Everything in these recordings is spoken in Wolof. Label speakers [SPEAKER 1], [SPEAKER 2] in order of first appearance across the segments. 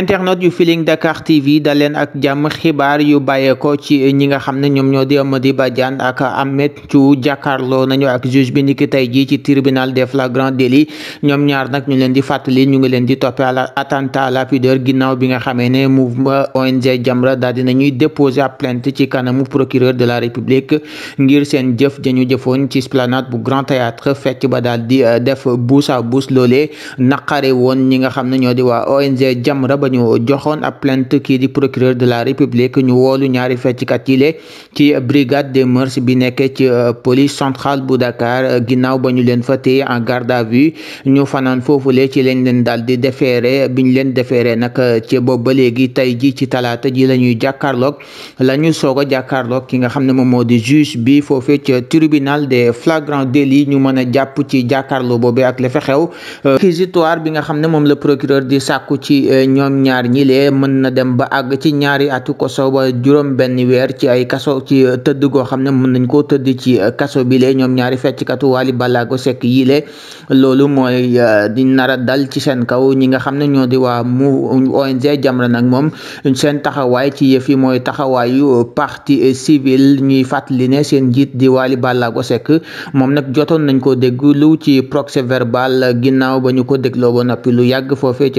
[SPEAKER 1] internet yu Feeling Dakar TV daleen ak jàmm xibaar yu bàyyeekoo ci ñi nga xam na ñoom ñoo di Amady Badiane ak Ameth Thiou jàkkaarloo nañu ak juge bi niki tey jii ci tribunal des flagrants délits ñoom ñaar nag ñu leen di fàttali ñu ngi leen di toppee attentat à la pudeur ginnaaw bi nga xamee ne mouvement ONG Jamra daal na ñuy déposer ab plainte ci kanamu procureur de la République ngir seen jëf dañu jëfoon ci esplanade bu Grand Théâtre fecc ba daal di euh, def buus a buus loolee ñu joxoon ab plainte kii di procureur de la république ñu woolu ñaari fecckat yi le ci brigade des mœurs bi nekkee ci euh, police centrale bu Dakar ginnaaw ba ñu leen fa téye en garde à vue ñu fanaan foofu le ci lañ leen daal di defeere ñu leen defeere nag euh, ci boobu ba léegi tey ji ci talaata ji la ñuy jàkkaarloog la ñu soog a jàkkaarloog ki nga xam ne moom moo di juge bi foofee ci tribunal de flagrants délits ñu mën a jàpp ci jàkkaarloo boobee ak la xew euh, réquisitoire bi nga ñoom ñaar ñilee mën na dem ba àgg ci ñaari atu kaso ba juróom benn weer ci ay kaso ci euh, tëdd goo xam ne mën nañ koo tëdd ci euh, kaso bi lee ñoom ñaari fecckatu Wally Ballago Seck yi yiile loolu mooy euh, di nara dal ci seen kaw ñi nga xam ne ñoo di waa mu ONG Jamra nag moom seen taxawaay ci yëf yi mooy taxawaayu partie civile ñuy fàttali ne seen njiit di Wally Ballago Seck moom nag jotoon nañ ko déglu ci procès verbal ba ñu ko dégloo ba noppi lu yàgg foofee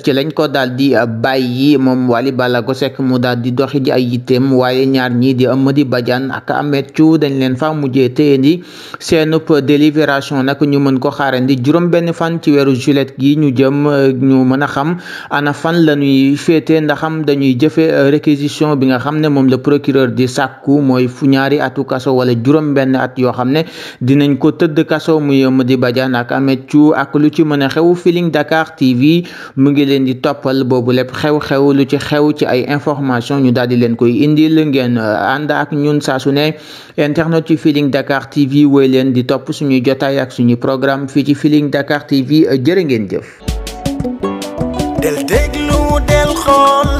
[SPEAKER 1] ci lañ ko daal di uh, bàyyi moom Wally Ballago Seck mu daal di doxi ji ay yitteem waaye ñaar ñii di Amady Badiane ak Ameth Thiou dañ leen fa mujjee téyendi seenub délibération nag ñu mën ko xaarandi juróom benn fan ci weeru juillet gi ñu jëm uh, ñu mën a xam ana fan la ñuy féete ndaxam dañuy jëfe uh, réquisition bi nga xam ne moom la procureur di sàkku mooy fu ñaari atu kaso wala juróom benn at yoo xam ne dinañ ko tëdd kaso muy Amady Badiane ak Ameth Thiou ak lu ci mën a mu ngi leen di toppal boobu lépp xew-xew lu ci xew ci ay information ñu daal di leen koy indi indil ngeen uh, ànd ak ñun saa su ne internet yu Feeling Dakar TV woy leen di topp suñuy jotaay ak suñu programme fii ci Feeling Dakar TV uh, jërë ngeen jëf
[SPEAKER 2] del déglu del xool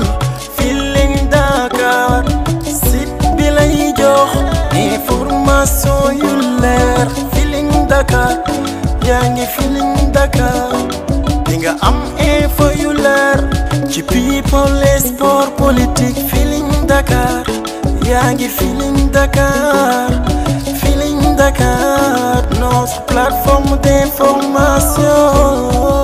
[SPEAKER 2] Feeling Dakar site bi lay jox information yu leer Feeling Dakar yaa ngi Feeling Dakar di am ci people et sport politique Feeling Dakar yaa ngi Feeling Dakar Feeling Dakar
[SPEAKER 1] notre plateforme d'information